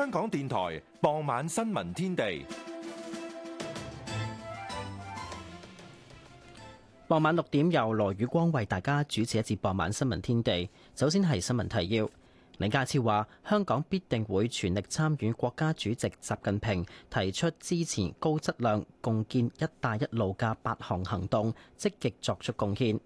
香港電台傍晚新聞天地。傍晚六點由羅宇光為大家主持一節傍晚新聞天地。首先係新聞提要。李家超話，香港必定會全力參與國家主席習近平提出支持高質量共建“一帶一路”嘅八項行動，積極作出貢獻。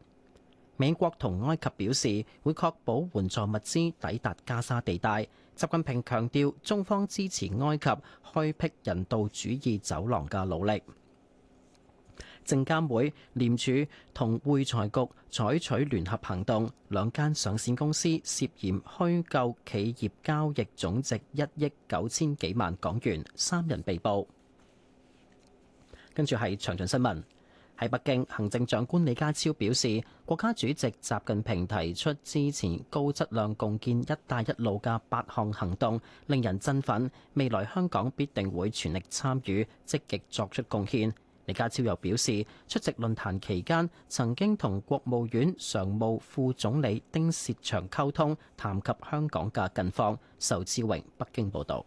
美國同埃及表示會確保援助物資抵達加沙地帶。習近平強調，中方支持埃及開闢人道主義走廊嘅努力。證監會廉署同會財局採取聯合行動，兩間上市公司涉嫌虛構企業交易總值一億九千幾萬港元，三人被捕。跟住係詳盡新聞。喺北京，行政長官李家超表示，國家主席習近平提出支持高質量共建一帶一路嘅八項行動，令人振奮。未來香港必定會全力參與，積極作出貢獻。李家超又表示，出席論壇期間曾經同國務院常務副總理丁薛祥溝通，談及香港嘅近況。受志榮，北京報導。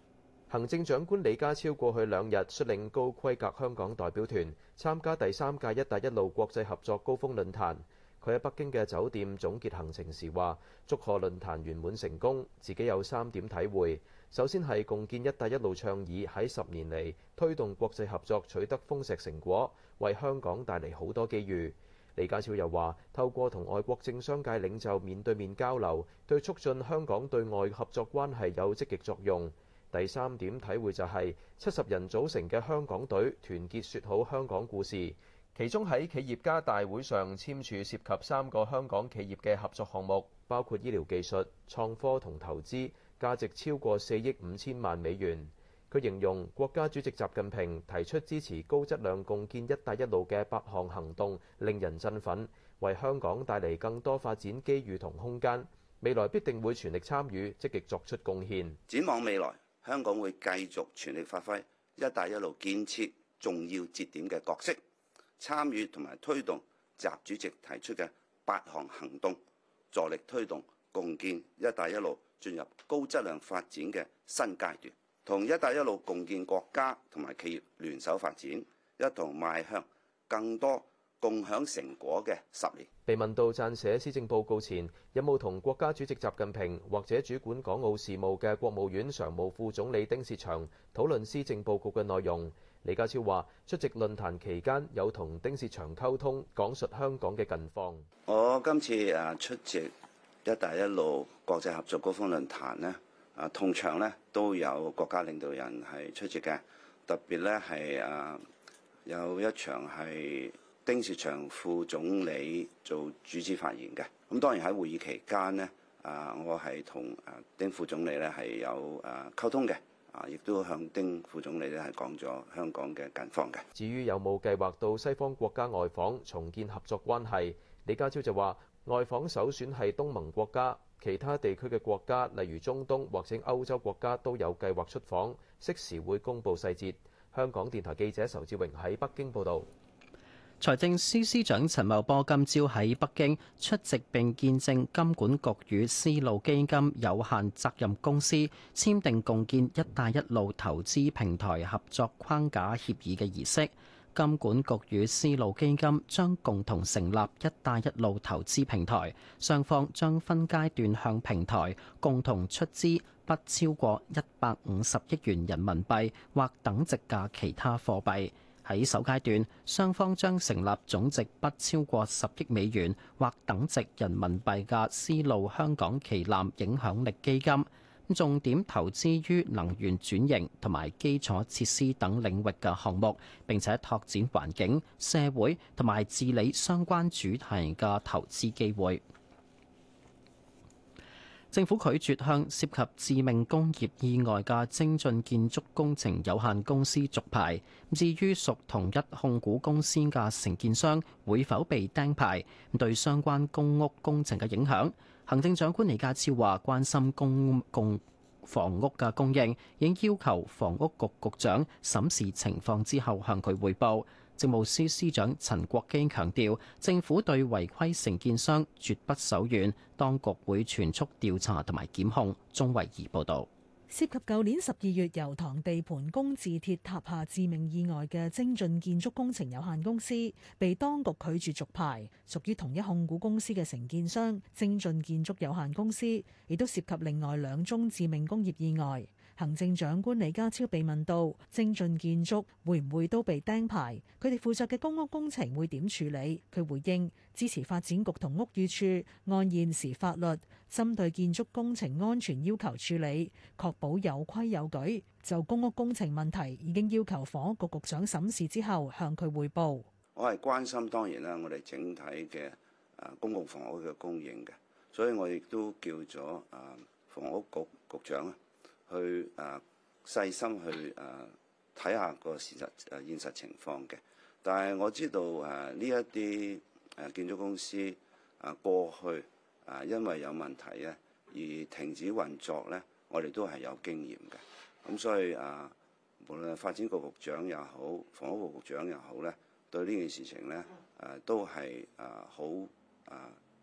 行政長官李家超過去兩日率領高規格香港代表團參加第三屆一帶一路國際合作高峰論壇。佢喺北京嘅酒店總結行程時話，祝賀論壇圓滿成功。自己有三點體會，首先係共建一帶一路倡議喺十年嚟推動國際合作取得豐碩成果，為香港帶嚟好多機遇。李家超又話，透過同外國政商界領袖面對面交流，對促進香港對外合作關係有積極作用。第三點體會就係七十人組成嘅香港隊團結說好香港故事。其中喺企業家大會上簽署涉及三個香港企業嘅合作項目，包括醫療技術、創科同投資，價值超過四億五千萬美元。佢形容國家主席習近平提出支持高質量共建一帶一路嘅八項行動，令人振奮，為香港帶嚟更多發展機遇同空間。未來必定會全力參與，積極作出貢獻。展望未來，香港會繼續全力發揮“一帶一路”建設重要節點嘅角色，參與同埋推動習主席提出嘅八項行，行動，助力推動共建“一帶一路”進入高質量發展嘅新階段，同“一帶一路”共建國家同埋企業聯手發展，一同邁向更多。共享成果嘅十年。被問到撰寫施政報告前有冇同國家主席習近平或者主管港澳事務嘅國務院常務副總理丁薛祥討論施政報告嘅內容，李家超話出席論壇期間有同丁薛祥溝通，講述香港嘅近況。我今次誒出席「一帶一路」國際合作高峰論壇呢，啊，通常呢都有國家領導人係出席嘅，特別呢，係啊有一場係。丁薛祥副總理做主持發言嘅。咁當然喺會議期間咧，啊，我係同啊丁副總理咧係有啊溝通嘅。啊，亦都向丁副總理咧係講咗香港嘅近況嘅。至於有冇計劃到西方國家外訪重建合作關係，李家超就話外訪首選係東盟國家，其他地區嘅國家，例如中東或者歐洲國家都有計劃出訪，適時會公布細節。香港電台記者仇志榮喺北京報道。財政司司長陳茂波今朝喺北京出席並見證金管局與絲路基金有限責任公司簽訂共建「一帶一路」投資平台合作框架協議嘅儀式。金管局與絲路基金將共同成立「一帶一路」投資平台，雙方將分階段向平台共同出資不超過一百五十億元人民幣或等值價其他貨幣。喺首階段，雙方將成立總值不超過十億美元或等值人民幣嘅絲路香港旗艦影響力基金，重點投資於能源轉型同埋基礎設施等領域嘅項目，並且拓展環境、社會同埋治理相關主題嘅投資機會。政府拒絕向涉及致命工業意外嘅精進建築工程有限公司續牌。至於屬同一控股公司嘅承建商會否被釘牌，對相關公屋工程嘅影響，行政長官李家超話關心公共房屋嘅供應，已要求房屋局局長審視情況之後向佢匯報。政務司司長陳國基強調，政府對違規承建商絕不手軟，當局會全速調查同埋檢控。鍾慧儀報道，涉及舊年十二月油塘地盤工字鐵塌下致命意外嘅精進建築工程有限公司，被當局拒絕續牌，屬於同一控股公司嘅承建商精進建築有限公司，亦都涉及另外兩宗致命工業意外。行政長官李家超被問到精進建築會唔會都被釘牌，佢哋負責嘅公屋工程會點處理？佢回應支持發展局同屋宇處按現時法律針對建築工程安全要求處理，確保有規有矩。就公屋工程問題，已經要求房屋局局長審視之後向佢彙報。我係關心當然啦，我哋整體嘅誒公共房屋嘅供應嘅，所以我亦都叫咗誒房屋局局長啊。去誒細心去誒睇下個事實誒現實情況嘅，但係我知道誒呢一啲誒建築公司誒過去誒因為有問題咧而停止運作咧，我哋都係有經驗嘅。咁所以誒，無論發展局局長也好，房屋局局長也好咧，對呢件事情咧誒都係誒好誒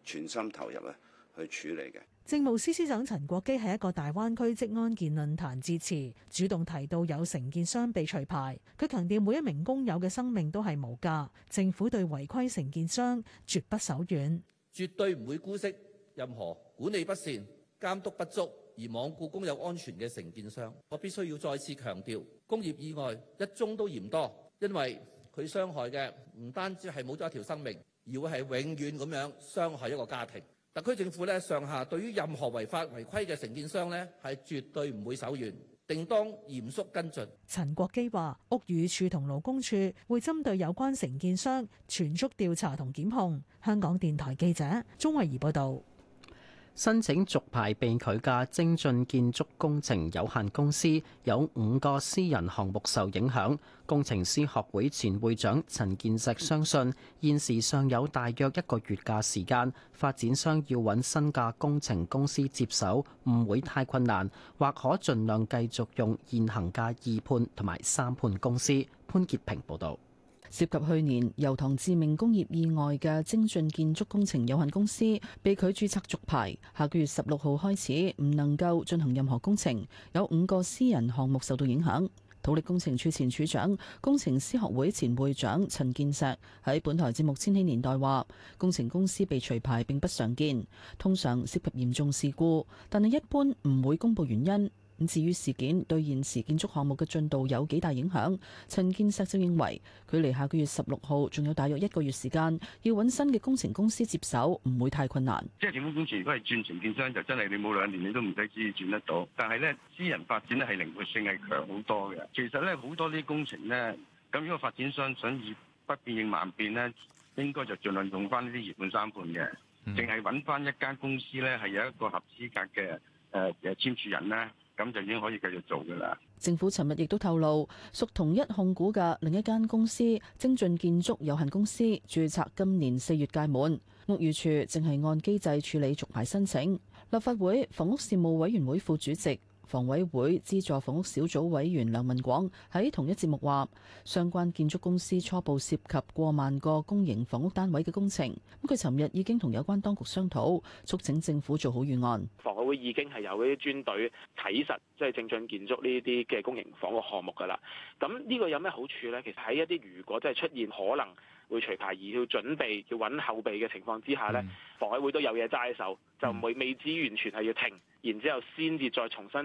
全心投入啊去處理嘅。政務司司長陳國基喺一個大灣區職安健論壇致辭，主動提到有承建商被除牌。佢強調每一名工友嘅生命都係無價，政府對違規承建商絕不手軟，絕對唔會姑息任何管理不善、監督不足而罔顧工友安全嘅承建商。我必須要再次強調，工業意外一宗都嫌多，因為佢傷害嘅唔單止係冇咗一條生命，而會係永遠咁樣傷害一個家庭。特區政府咧上下對於任何違法違規嘅承建商咧係絕對唔會手軟，定當嚴肅跟進。陳國基話：屋宇署同勞工處會針對有關承建商全速調查同檢控。香港電台記者鍾慧儀報道。申請續牌被拒嘅精進建築工程有限公司有五個私人項目受影響。工程師學會前會長陳建石相信，現時尚有大約一個月嘅時間，發展商要搵新嘅工程公司接手，唔會太困難，或可盡量繼續用現行嘅二判同埋三判公司。潘潔平報導。涉及去年油塘致命工業意外嘅精進建築工程有限公司被拒註冊續牌，下個月十六號開始唔能夠進行任何工程，有五個私人項目受到影響。土力工程處前處長、工程師學會前會長陳建石喺本台節目《千禧年代》話：工程公司被除牌並不常見，通常涉及嚴重事故，但係一般唔會公布原因。咁至於事件對現時建築項目嘅進度有幾大影響？陳建石就認為，距離下個月十六號仲有大約一個月時間，要揾新嘅工程公司接手，唔會太困難。即係政府工程，如果係轉承建商，就真係你冇兩年，你都唔使知轉得到。但係咧，私人發展咧係靈活性係強好多嘅。其實咧，好多啲工程咧，咁如果發展商想以不變應萬變咧，應該就儘量用翻呢啲二判三判嘅，淨係揾翻一間公司咧，係有一個合資格嘅誒誒簽署人啦。咁就已經可以繼續做㗎喇。政府尋日亦都透露，屬同一控股嘅另一間公司，精進建築有限公司註冊，今年四月屆滿，屋宇署淨係按機制處理續牌申請。立法會房屋事務委員會副主席。房委會資助房屋小組委員梁文廣喺同一節目話，相關建築公司初步涉及過萬個公營房屋單位嘅工程，咁佢尋日已經同有關當局商討，促請政府做好預案。房委會已經係有啲專隊睇實，即係正進建築呢啲嘅公營房屋項目噶啦。咁呢個有咩好處咧？其實喺一啲如果真係出現可能，會除牌而要準備要揾後備嘅情況之下呢，房委會都有嘢揸手，就唔會未知完全係要停，然之後先至再重新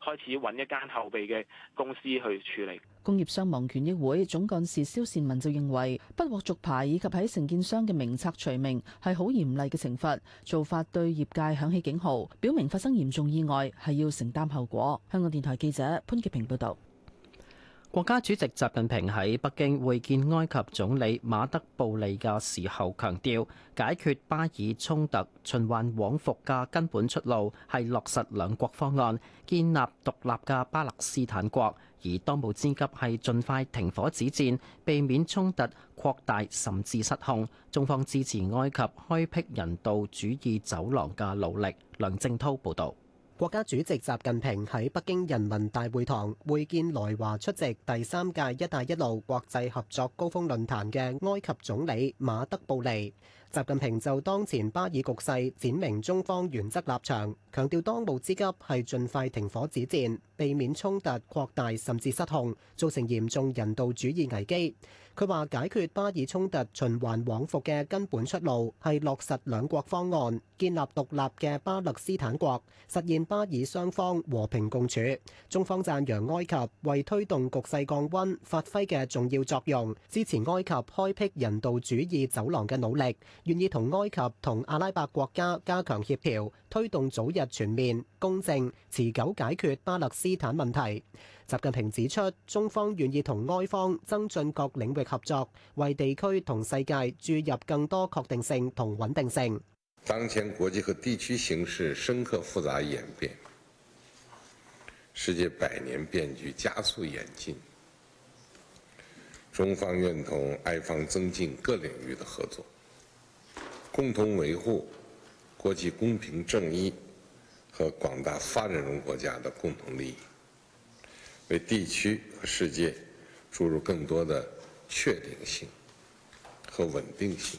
開始揾一間後備嘅公司去處理。工業傷亡權益會總幹事蕭善文就認為，不獲續牌以及喺承建商嘅名冊除名係好嚴厲嘅懲罰，做法對業界響起警號，表明發生嚴重意外係要承擔後果。香港電台記者潘潔平報導。國家主席習近平喺北京會見埃及總理馬德布利嘅時候，強調解決巴以衝突循環往復嘅根本出路係落實兩國方案，建立獨立嘅巴勒斯坦國。而當務之急係盡快停火止戰，避免衝突擴大甚至失控。中方支持埃及開闢人道主義走廊嘅努力。梁正滔報導。國家主席習近平喺北京人民大會堂會見來華出席第三屆「一帶一路」國際合作高峰論壇嘅埃及總理馬德布利。習近平就當前巴以局勢展明中方原則立場，強調當務之急係盡快停火止戰。避免衝突擴大甚至失控，造成嚴重人道主義危機。佢話解決巴以衝突循環往復嘅根本出路係落實兩國方案，建立獨立嘅巴勒斯坦國，實現巴以雙方和平共處。中方讚揚埃及為推動局勢降温發揮嘅重要作用，支持埃及開闢人道主義走廊嘅努力，願意同埃及同阿拉伯國家加強協調。推動早日全面公正持久解決巴勒斯坦問題。習近平指出，中方願意同埃方增進各領域合作，為地區同世界注入更多確定性同穩定性。當前國際和地區形勢深刻複雜演變，世界百年變局加速演進，中方願同埃方增進各領域的合作，共同維護國際公平、正義和廣大發展中國家的共同利益，為地區和世界注入更多的確定性和穩定性。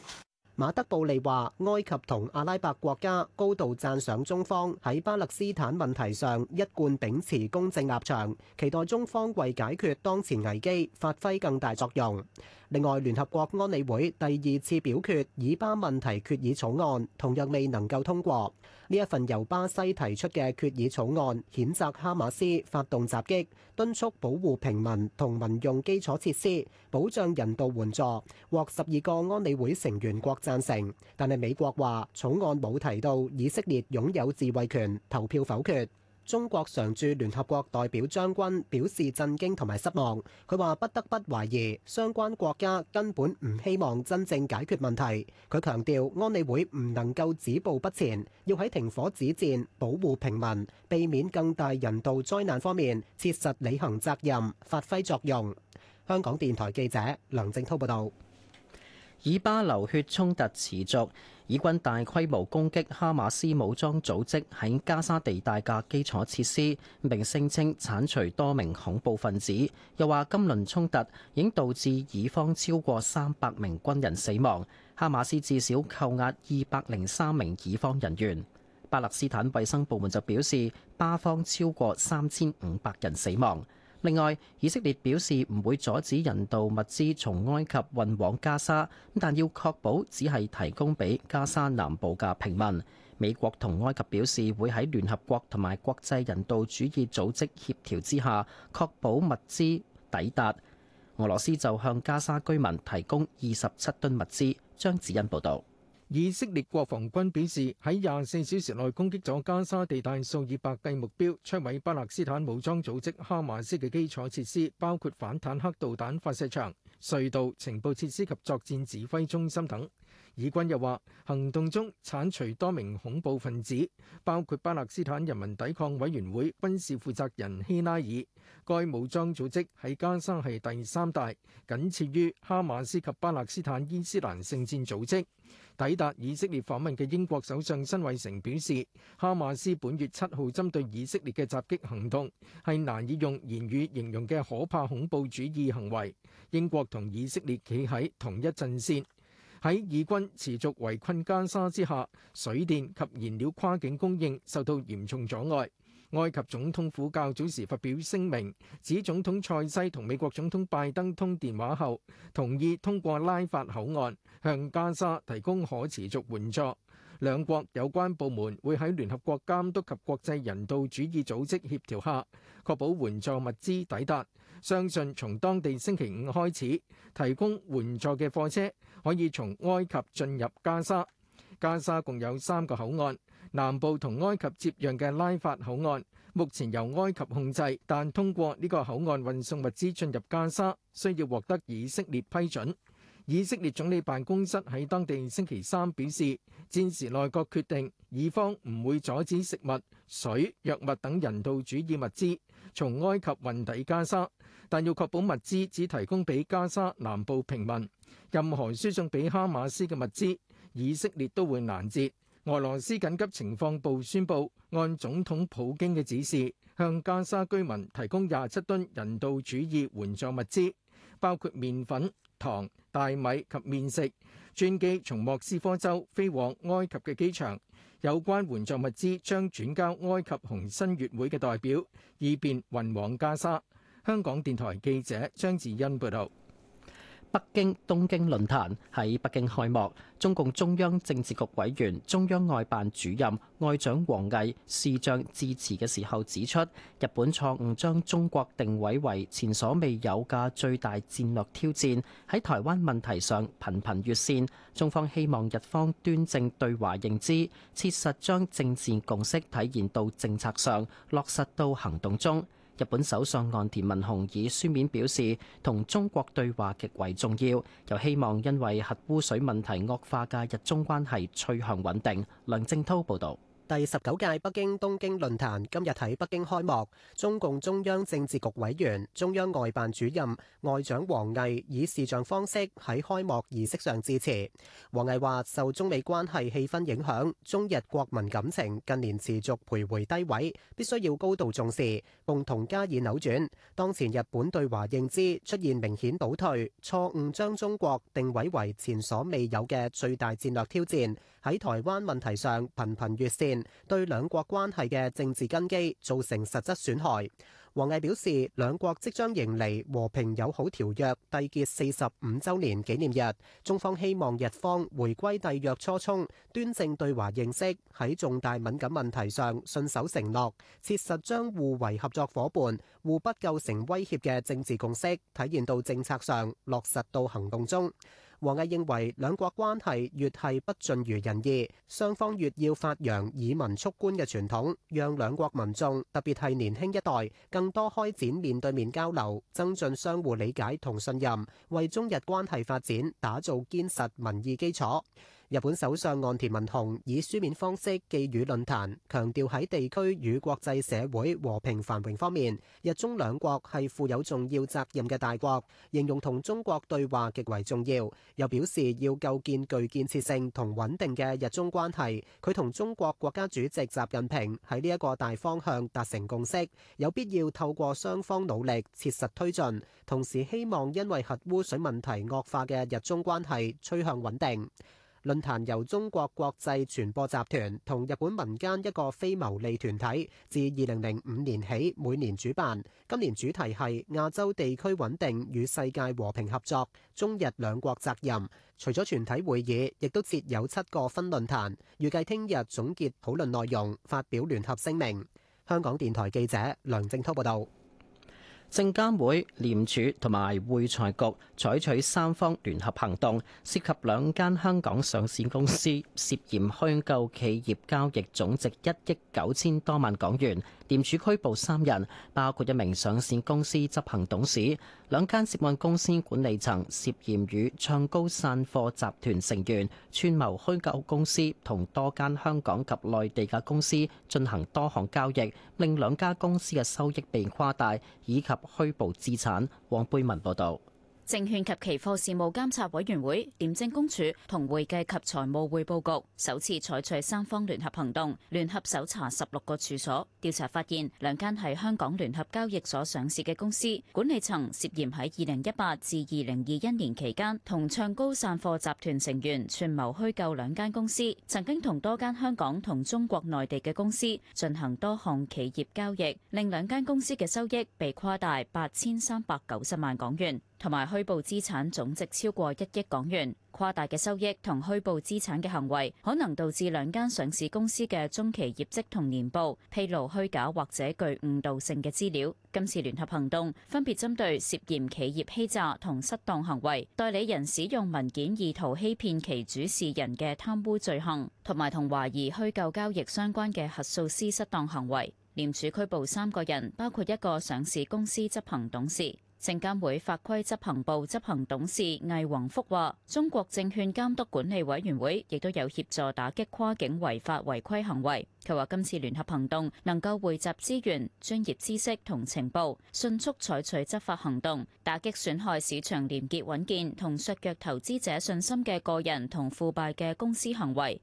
馬德布利話，埃及同阿拉伯國家高度讚賞中方喺巴勒斯坦問題上一貫秉持公正立場，期待中方為解決當前危機發揮更大作用。另外，聯合國安理會第二次表決以巴問題決議草案同樣未能夠通過。呢一份由巴西提出嘅決議草案，譴責哈馬斯發動襲擊，敦促保護平民同民用基礎設施，保障人道援助，獲十二個安理會成員國贊成，但係美國話草案冇提到以色列擁有自衛權，投票否決。中國常駐聯合國代表張軍表示震驚同埋失望，佢話不得不懷疑相關國家根本唔希望真正解決問題。佢強調，安理會唔能夠止步不前，要喺停火止戰、保護平民、避免更大人道災難方面，切實履行責任、發揮作用。香港電台記者梁正滔報導。以巴流血衝突持續，以軍大規模攻擊哈馬斯武裝組織喺加沙地帶嘅基礎設施，並聲稱剷除多名恐怖分子。又話今輪衝突已經導致以方超過三百名軍人死亡，哈馬斯至少扣押二百零三名以方人員。巴勒斯坦衛生部門就表示，巴方超過三千五百人死亡。另外，以色列表示唔會阻止人道物資從埃及運往加沙，但要確保只係提供俾加沙南部嘅平民。美國同埃及表示會喺聯合國同埋國際人道主義組織協調之下，確保物資抵達。俄羅斯就向加沙居民提供二十七噸物資。張子欣報道。以色列國防軍表示，喺廿四小時內攻擊咗加沙地帶數以百計目標，摧毀巴勒斯坦武裝組織哈馬斯嘅基礎設施，包括反坦克導彈發射場、隧道、情報設施及作戰指揮中心等。以軍又話，行動中剷除多名恐怖分子，包括巴勒斯坦人民抵抗委員會軍事負責人希拉爾。該武裝組織喺加沙係第三大，僅次於哈馬斯及巴勒斯坦伊斯蘭聖戰組織。抵達以色列訪問嘅英國首相辛偉誠表示，哈馬斯本月七號針對以色列嘅襲擊行動係難以用言語形容嘅可怕恐怖主義行為。英國同以色列企喺同一陣線。喺以軍持續圍困加沙之下，水電及燃料跨境供應受到嚴重阻礙。埃及總統府較早時發表聲明，指總統塞西同美國總統拜登通電話後，同意通過拉法口岸向加沙提供可持續援助。兩國有關部門會喺聯合國監督及國際人道主義組織協調下，確保援助物資抵達。相信從當地星期五開始，提供援助嘅貨車可以從埃及進入加沙。加沙共有三個口岸，南部同埃及接壤嘅拉法口岸目前由埃及控制，但通過呢個口岸運送物資進入加沙需要獲得以色列批准。以色列總理辦公室喺當地星期三表示，戰時內閣決定，以方唔會阻止食物、水、藥物等人道主義物資從埃及運抵加沙，但要確保物資只提供俾加沙南部平民。任何輸送俾哈馬斯嘅物資，以色列都會攔截。俄羅斯緊急情況部宣布，按總統普京嘅指示，向加沙居民提供廿七噸人道主義援助物資，包括麵粉、糖、大米及麵食。專機從莫斯科州飛往埃及嘅機場，有關援助物資將轉交埃及紅新月會嘅代表，以便運往加沙。香港電台記者張智欣報導。北京東京論壇喺北京開幕，中共中央政治局委員、中央外辦主任、外長王毅視像致辭嘅時候指出，日本錯誤將中國定位為前所未有嘅最大戰略挑戰，喺台灣問題上頻頻越線，中方希望日方端正對華認知，切實將政治共識體現到政策上，落實到行動中。日本首相岸田文雄以書面表示，同中國對話極為重要，又希望因為核污水問題惡化嘅日中關係趨向穩定。梁正濤報道。第十九屆北京東京論壇今日喺北京開幕，中共中央政治局委員、中央外辦主任、外長王毅以視像方式喺開幕儀式上致辭。王毅話，受中美關係氣氛影響，中日國民感情近年持續徘徊低位，必須要高度重視，共同加以扭轉。當前日本對華認知出現明顯倒退，錯誤將中國定位為前所未有嘅最大戰略挑戰，喺台灣問題上頻頻越線。對兩國關係嘅政治根基造成實質損害。王毅表示，兩國即將迎嚟和平友好條約締結四十五周年紀念日，中方希望日方回歸締約初衷，端正對華認識，喺重大敏感問題上信守承諾，切實將互為合作伙伴、互不構成威脅嘅政治共識體現到政策上，落實到行動中。王毅認為，兩國關係越係不盡如人意，雙方越要發揚以民促官嘅傳統，讓兩國民眾特別係年輕一代更多開展面對面交流，增進相互理解同信任，為中日關係發展打造堅實民意基礎。日本首相岸田文雄以書面方式寄語論壇，強調喺地區與國際社會和平繁榮方面，日中兩國係負有重要責任嘅大國，形容同中國對話極為重要。又表示要構建具建設性同穩定嘅日中關係。佢同中國國家主席習近平喺呢一個大方向達成共識，有必要透過雙方努力切實推進。同時，希望因為核污水問題惡化嘅日中關係趨向穩定。論壇由中國國際傳播集團同日本民間一個非牟利團體自二零零五年起每年主辦，今年主題係亞洲地區穩定與世界和平合作，中日兩國責任。除咗全體會議，亦都設有七個分論壇，預計聽日總結討論內容，發表聯合聲明。香港電台記者梁正濤報道。證監會、廉署同埋匯財局採取三方聯合行動，涉及兩間香港上市公司涉嫌虛構企業交易總值一億九千多萬港元。店主拘捕三人，包括一名上市公司執行董事，兩間涉案公司管理層涉嫌與唱高散貨集團成員串謀虛構公司同多間香港及內地嘅公司進行多項交易，令兩家公司嘅收益被誇大以及虛報資產，黃貝文報道。證券及期貨事務監察委員會、廉政公署同會計及財務匯報局首次採取三方聯合行動，聯合搜查十六個處所。調查發現，兩間係香港聯合交易所上市嘅公司管理層涉嫌喺二零一八至二零二一年期間，同唱高散貨集團成員串謀虛構兩間公司，曾經同多間香港同中國內地嘅公司進行多項企業交易，令兩間公司嘅收益被誇大八千三百九十萬港元。同埋虛報資產總值超過一億港元，誇大嘅收益同虛報資產嘅行為，可能導致兩間上市公司嘅中期業績同年報披露虛假或者具誤導性嘅資料。今次聯合行動分別針對涉嫌企業欺詐同失當行為、代理人使用文件意圖欺騙其主事人嘅貪污罪行，同埋同懷疑虛構交易相關嘅核數師失當行為。廉署拘捕三個人，包括一個上市公司執行董事。證監會法規執行部執行董事魏宏福話，中國證券監督管理委員會亦都有協助打擊跨境違法違規行為。佢話今次聯合行動能夠匯集資源、專業知識同情報，迅速採取執法行動，打擊損害市場廉潔穩健同削弱投資者信心嘅個人同腐敗嘅公司行為。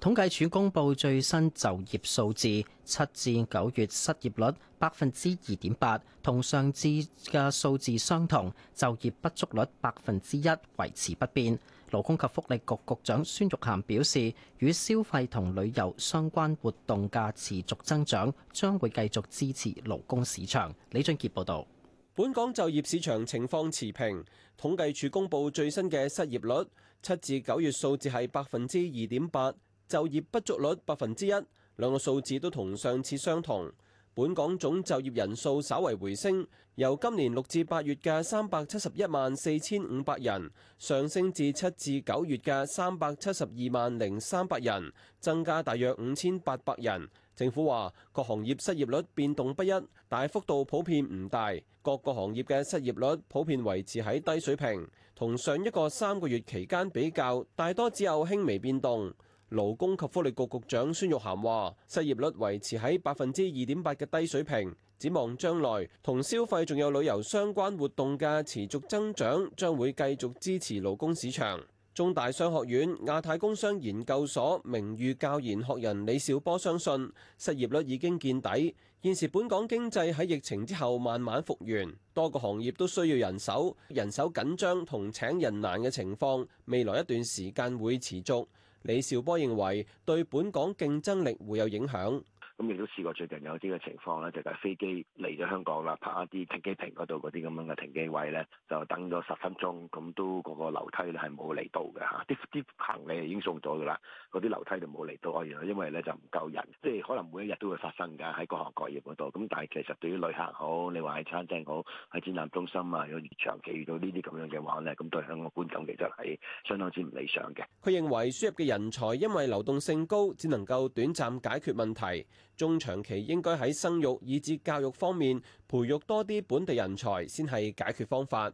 統計處公布最新就業數字，七至九月失業率百分之二點八，同上次嘅數字相同；就業不足率百分之一維持不變。勞工及福利局局，局長孫玉菡表示，與消費同旅遊相關活動嘅持續增長，將會繼續支持勞工市場。李俊傑報導。本港就業市場情況持平，統計處公布最新嘅失業率，七至九月數字係百分之二點八。就業不足率百分之一，兩個數字都同上次相同。本港總就業人數稍為回升，由今年六至八月嘅三百七十一萬四千五百人上升至七至九月嘅三百七十二萬零三百人，增加大約五千八百人。政府話各行業失業率變動不一，但幅度普遍唔大，各個行業嘅失業率普遍維持喺低水平，同上一個三個月期間比較，大多只有輕微變動。勞工及福利局局長孫玉菡話：失業率維持喺百分之二點八嘅低水平，展望將來同消費仲有旅遊相關活動嘅持續增長，將會繼續支持勞工市場。中大商學院亞太工商研究所名譽教研學人李兆波相信，失業率已經見底，現時本港經濟喺疫情之後慢慢復原，多個行業都需要人手，人手緊張同請人難嘅情況，未來一段時間會持續。李兆波認為，對本港競爭力會有影響。咁亦都試過最近有啲嘅情況咧，就係飛機嚟咗香港啦，泊一啲停機坪嗰度嗰啲咁樣嘅停機位咧，就等咗十分鐘，咁都個個樓梯咧係冇嚟到嘅嚇，啲啲行李已經送咗㗎啦，嗰啲樓梯就冇嚟到，因為咧就唔夠人，即係可能每一日都會發生㗎，喺各行各業嗰度。咁但係其實對於旅客好，你話喺餐廳好，喺展覽中心啊，如果長期遇到呢啲咁樣嘅話咧，咁對香港觀感其實係相當之唔理想嘅。佢認為輸入嘅人才因為流動性高，只能夠短暫解決問題。中長期應該喺生育以至教育方面培育多啲本地人才，先係解決方法。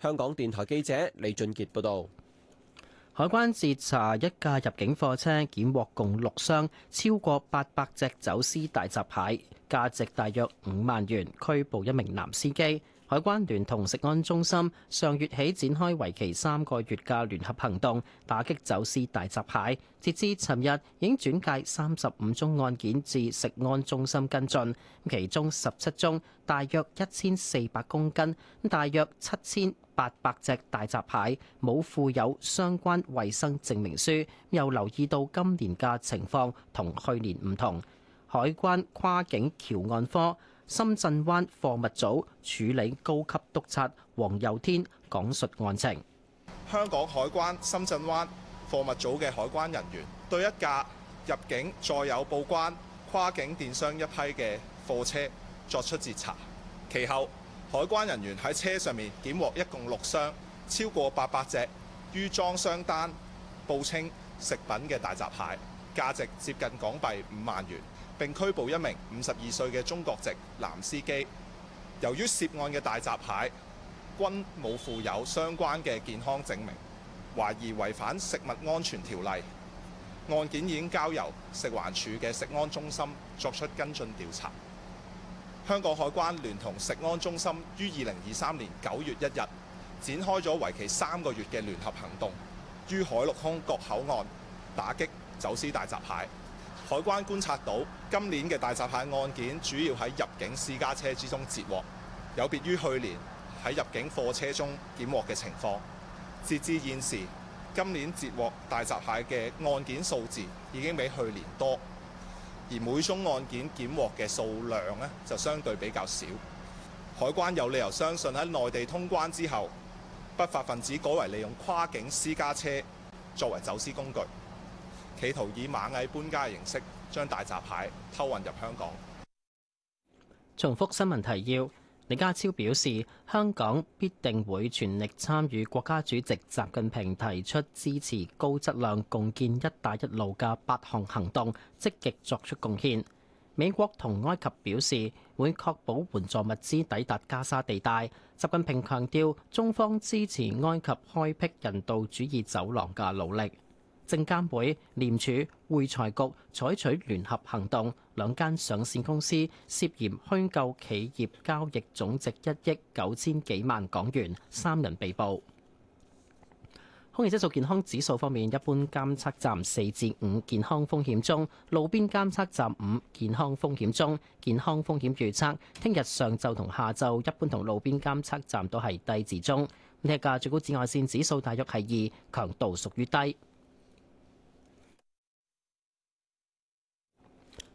香港電台記者李俊傑報導。海關截查一架入境貨車，檢獲共六箱，超過八百隻走私大閘蟹，價值大約五萬元，拘捕一名男司機。海關聯同食安中心上月起展開為期三個月嘅聯合行動，打擊走私大閘蟹。截至尋日，已經轉介三十五宗案件至食安中心跟進，其中十七宗大約一千四百公斤，大約七千八百隻大閘蟹冇附有相關衛生證明書。又留意到今年嘅情況同去年唔同，海關跨境橋岸科深圳灣貨物組處理高級督察黃佑天講述案情。香港海關深圳灣貨物組嘅海關人員對一架入境載有報關跨境電商一批嘅貨車作出截查，其後海關人員喺車上面檢獲一共六箱超過八百隻於裝箱單報稱食品嘅大閘蟹，價值接近港幣五萬元。並拘捕一名五十二歲嘅中國籍男司機。由於涉案嘅大閘蟹均冇附有相關嘅健康證明，懷疑違反食物安全條例，案件已經交由食環署嘅食安中心作出跟進調查。香港海關聯同食安中心於二零二三年九月一日展開咗為期三個月嘅聯合行動，於海陸空各口岸打擊走私大閘蟹。海關觀察到，今年嘅大閘蟹案件主要喺入境私家車之中截獲，有別於去年喺入境貨車中檢獲嘅情況。截至現時，今年截獲大閘蟹嘅案件數字已經比去年多，而每宗案件檢獲嘅數量呢就相對比較少。海關有理由相信喺內地通關之後，不法分子改為利用跨境私家車作為走私工具。企圖以螞蟻搬家形式將大閘蟹偷運入香港。重複新聞提要，李家超表示，香港必定會全力參與國家主席習近平提出支持高質量共建“一帶一路”嘅八項行動，積極作出貢獻。美國同埃及表示會確保援助物資抵達加沙地帶。習近平強調，中方支持埃及開闢人道主義走廊嘅努力。證監會、廉署、會財局採取聯合行動，兩間上市公司涉嫌虛構企業交易總值一億九千幾萬港元，三人被捕。 空氣質素健康指數方面，一般監測站四至五健康風險中，路邊監測站五健康風險中，健康風險預測聽日上晝同下晝一般同路邊監測站都係低至中。今日嘅最高紫外線指數大約係二，強度屬於低。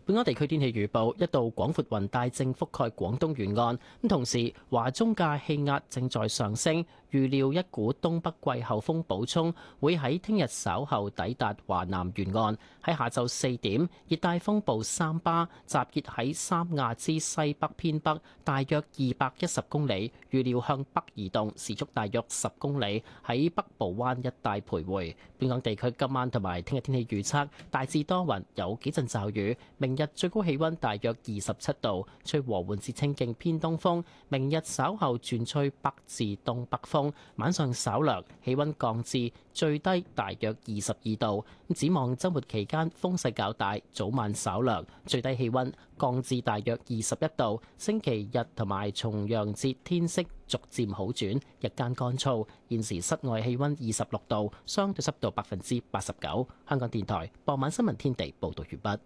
本港地區天氣預報：一道廣闊雲帶正覆蓋廣東沿岸，咁同時華中嘅氣壓正在上升。預料一股東北季候風補充會喺聽日稍後抵達華南沿岸。喺下晝四點，熱帶風暴三巴集結喺三亞之西北偏北，大約二百一十公里。預料向北移動，時速大約十公里，喺北部灣一帶徘徊。本港地區今晚同埋聽日天氣預測大致多雲，有幾陣驟雨。明日最高氣温大約二十七度，吹和緩至清勁偏東風。明日稍後轉吹北至東北風。晚上稍涼，氣溫降至最低大約二十二度。展望周末期間風勢較大，早晚稍涼，最低氣溫降至大約二十一度。星期日同埋重陽節天色逐漸好轉，日間乾燥。現時室外氣溫二十六度，相對濕度百分之八十九。香港電台傍晚新聞天地報道完畢。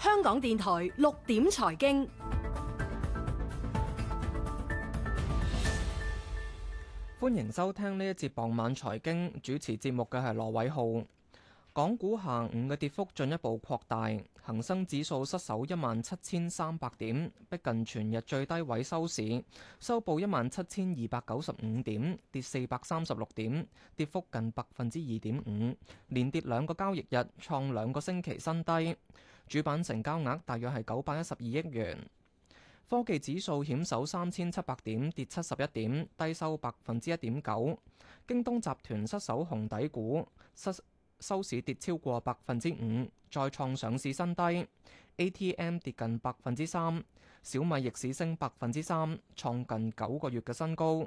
香港電台六點財經。歡迎收聽呢一節傍晚財經，主持節目嘅係羅偉浩。港股下午嘅跌幅進一步擴大，恒生指數失守一萬七千三百點，逼近全日最低位收市，收報一萬七千二百九十五點，跌四百三十六點，跌幅近百分之二點五，連跌兩個交易日，創兩個星期新低。主板成交額大約係九百一十二億元。科技指數險守三千七百點，跌七十一點，低收百分之一點九。京東集團失守紅底股，失收市跌超過百分之五，再創上市新低。ATM 跌近百分之三，小米逆市升百分之三，創近九個月嘅新高。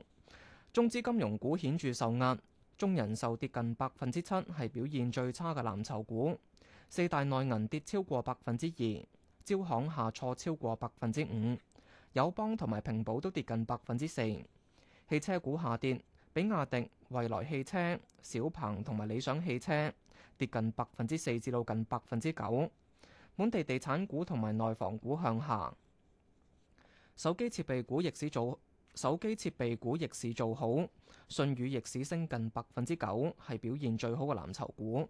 中資金融股顯著受壓，中人壽跌近百分之七，係表現最差嘅藍籌股。四大內銀跌超過百分之二，招行下挫超過百分之五。友邦同埋平保都跌近百分之四，汽車股下跌，比亞迪、蔚來汽車、小鵬同埋理想汽車跌近百分之四至到近百分之九。本地地產股同埋內房股向下，手機設備股逆市做手機設備股逆市做好，舜宇逆市升近百分之九，係表現最好嘅藍籌股。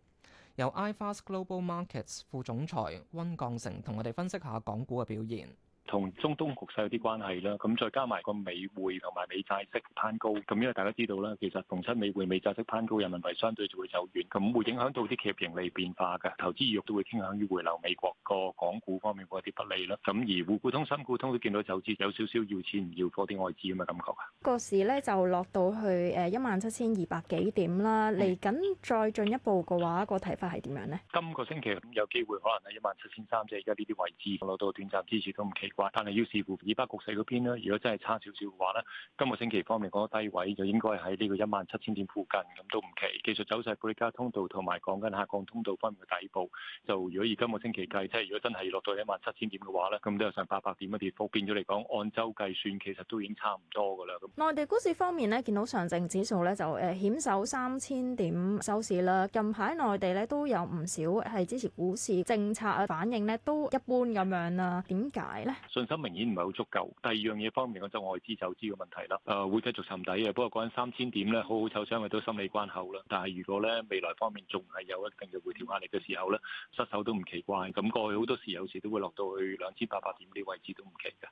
由 iFAST Global Markets 副總裁温鋼成同我哋分析下港股嘅表現。.同中東局勢有啲關係啦，咁再加埋個美匯同埋美債息攀高，咁因為大家知道啦，其實逢七美匯、美債息攀高，人民幣相對就會走軟，咁會影響到啲企業盈利變化㗎，投資預期都會傾向於回流美國，個港股方面會有啲不利啦，咁而滬股通、深股通都見到走資有少少要錢唔要嗰啲外資咁嘅感覺啊。個市咧就落到去誒一萬七千二百幾點啦，嚟緊再進一步嘅話，那個睇法係點樣呢？今個星期有機會可能喺一萬七千三，即係而家呢啲位置落到短暫支持都唔奇怪。但係要視乎以北局勢嗰邊啦。如果真係差少少嘅話咧，今個星期方面講個低位就應該喺呢個一萬七千點附近咁都唔奇。技術走勢保歷加通道同埋講緊下降通道方面嘅底部就，如果以今個星期計，即係如果真係落到一萬七千點嘅話咧，咁都有上八百點嘅跌幅，變咗嚟講按周計算，其實都已經差唔多㗎啦。咁內地股市方面咧，見到上證指數咧就誒險、呃、守三千點收市啦。近排內地咧都有唔少係支持股市政策嘅反應咧，都一般咁樣啦。點解咧？信心明顯唔係好足夠。第二樣嘢方面我就外資走資嘅問題啦。誒、呃、會繼續沉底嘅，不過講緊三千點咧，好好抽身，係都心理關口啦。但係如果咧未來方面仲係有一定嘅回調壓力嘅時候咧，失手都唔奇怪。咁過去好多時有時都會落到去兩千八百點呢位置都唔奇㗎。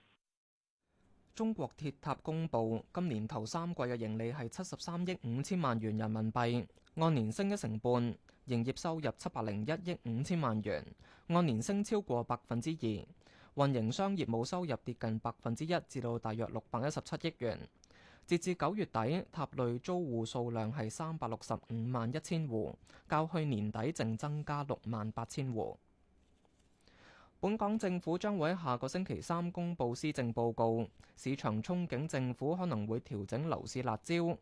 中國鐵塔公佈今年頭三季嘅盈利係七十三億五千萬元人民幣，按年升一成半；營業收入七百零一億五千萬元，按年升超過百分之二。運營商業務收入跌近百分之一，至到大約六百一十七億元。截至九月底，塔類租戶數量係三百六十五萬一千戶，較去年底淨增加六萬八千戶。本港政府將會喺下個星期三公布施政報告，市場憧憬政府可能會調整樓市辣招。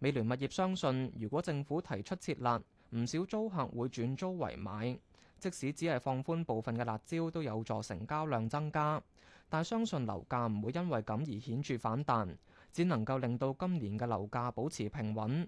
美聯物業相信，如果政府提出撤辣，唔少租客會轉租為買。即使只係放寬部分嘅辣招，都有助成交量增加，但相信樓價唔會因為咁而顯著反彈，只能夠令到今年嘅樓價保持平穩。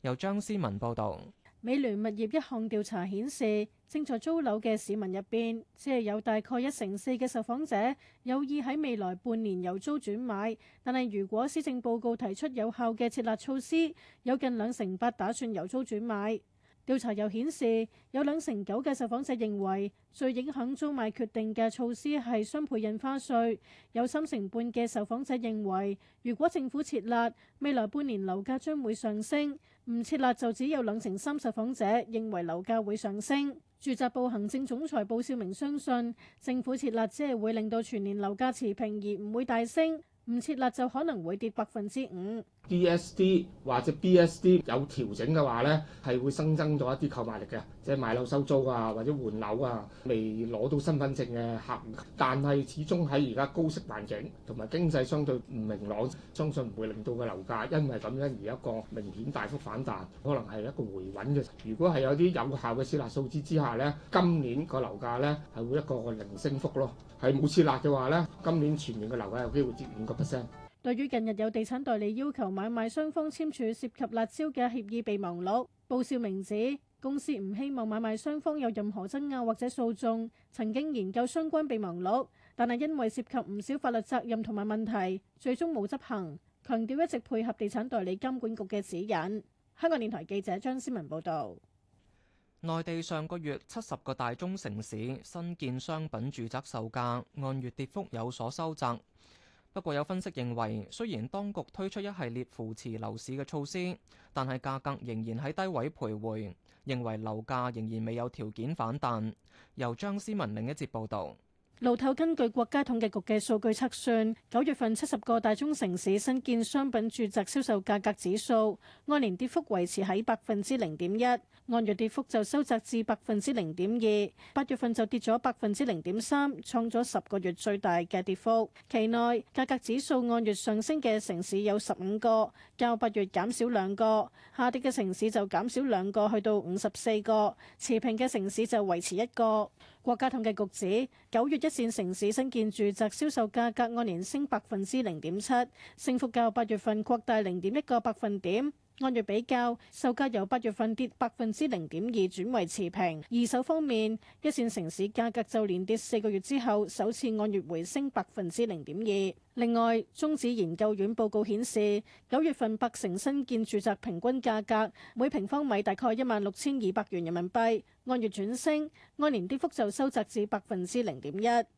由張思文報導。美聯物業一項調查顯示，正在租樓嘅市民入邊，只係有大概一成四嘅受訪者有意喺未來半年由租轉買，但係如果施政報告提出有效嘅設立措施，有近兩成八打算由租轉買。調查又顯示，有兩成九嘅受訪者認為最影響租賣決定嘅措施係雙倍印花稅。有三成半嘅受訪者認為，如果政府設立，未來半年樓價將會上升；唔設立就只有兩成三受訪者認為樓價會上升。住宅部行政總裁布少明相信，政府設立只係會令到全年樓價持平而唔會大升；唔設立就可能會跌百分之五。D.S.D 或者 B.S.D 有調整嘅話呢，係會新增咗一啲購買力嘅，即係買樓收租啊，或者換樓啊，未攞到身份證嘅客。但係始終喺而家高息環境同埋經濟相對唔明朗，相信唔會令到個樓價因為咁樣而一個明顯大幅反彈，可能係一個回穩嘅。如果係有啲有效嘅撤辣數字之下呢，今年個樓價呢，係會一個零升幅咯。係冇撤辣嘅話呢，今年全年嘅樓價有機會跌五個 percent。對於近日有地產代理要求買賣雙方簽署涉及辣招嘅協議備忘錄，布少明指公司唔希望買賣雙方有任何爭拗或者訴訟。曾經研究相關備忘錄，但係因為涉及唔少法律責任同埋問題，最終冇執行。強調一直配合地產代理監管局嘅指引。香港電台記者張思文報導。內地上個月七十個大中城市新建商品住宅售價按月跌幅有所收窄。不過有分析認為，雖然當局推出一系列扶持樓市嘅措施，但係價格仍然喺低位徘徊，認為樓價仍然未有條件反彈。由張思文另一節報道。路透根據國家統計局嘅數據測算，九月份七十個大中城市新建商品住宅銷售價格指數按年跌幅維持喺百分之零點一，按月跌幅就收窄至百分之零點二。八月份就跌咗百分之零點三，創咗十個月最大嘅跌幅。期內價格指數按月上升嘅城市有十五個，較八月減少兩個；下跌嘅城市就減少兩個，去到五十四個；持平嘅城市就維持一個。國家統計局指，九月一線城市新建住宅銷售價格按年升百分之零點七，升幅較八月份擴大零點一個百分點。按月比較，售價由八月份跌百分之零點二轉為持平。二手方面，一線城市價格就連跌四個月之後，首次按月回升百分之零點二。另外，中指研究院報告顯示，九月份百城新建住宅平均價格每平方米大概一萬六千二百元人民幣，按月轉升，按年跌幅就收窄至百分之零點一。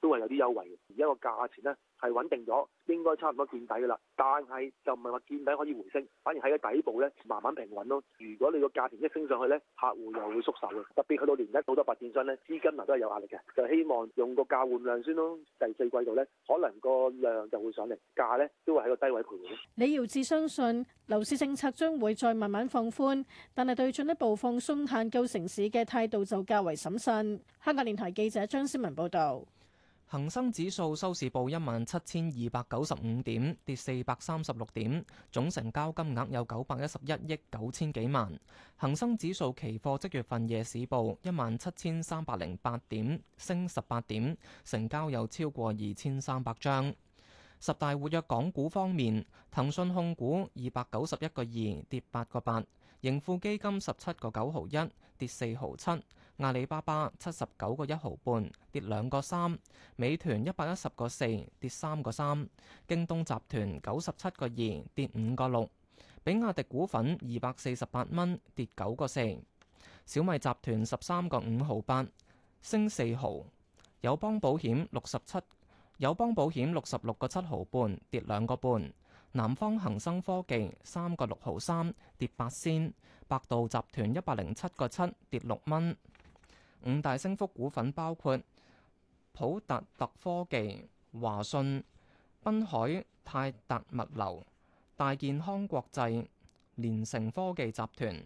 都係有啲優惠嘅，而家個價錢呢，係穩定咗，應該差唔多見底㗎啦。但係就唔係話見底可以回升，反而喺個底部咧慢慢平穩咯、哦。如果你個價錢一升上去咧，客戶又會縮手嘅。特別去到年底，好多發展商咧資金啊都係有壓力嘅，就希望用個價換量先咯、哦。第四季度咧可能個量就會上嚟，價咧都會喺個低位徘徊。李耀志相信樓市政策將會再慢慢放寬，但係對進一步放鬆限購城市嘅態度就較為審慎。香港電台記者張思文報道。恒生指數收市報一萬七千二百九十五點，跌四百三十六點，總成交金額有九百一十一億九千幾萬。恒生指數期貨即月份夜市報一萬七千三百零八點，升十八點，成交有超過二千三百張。十大活躍港股方面，騰訊控股二百九十一個二，跌八個八；盈富基金十七個九毫一，跌四毫七。阿里巴巴七十九個一毫半，跌兩個三；美團一百一十個四，跌三個三；京東集團九十七個二，跌五個六；比亞迪股份二百四十八蚊，跌九個四；小米集團十三個五毫八，升四毫；友邦保險六十七，友邦保險六十六個七毫半，跌兩個半；南方恒生科技三個六毫三，跌八仙；百度集團一百零七個七，跌六蚊。五大升幅股份包括普達特科技、華信、濱海泰達物流、大健康國際、連成科技集團。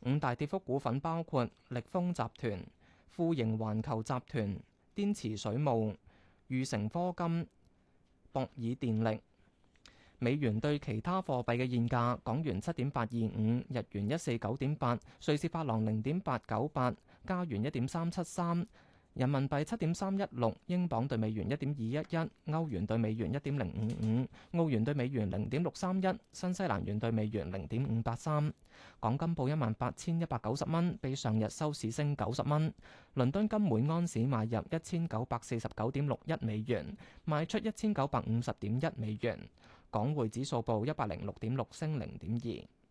五大跌幅股份包括力豐集團、富盈環球集團、滇池水務、裕成科金、博爾電力。美元對其他貨幣嘅現價：港元七點八二五，日元一四九點八，瑞士法郎零點八九八。加元一點三七三，人民幣七點三一六，英鎊對美元一點二一一，歐元對美元一點零五五，澳元對美元零點六三一，新西蘭元對美元零點五八三。港金報一萬八千一百九十蚊，比上日收市升九十蚊。倫敦金每安士買入一千九百四十九點六一美元，賣出一千九百五十點一美元。港匯指數報一百零六點六，升零點二。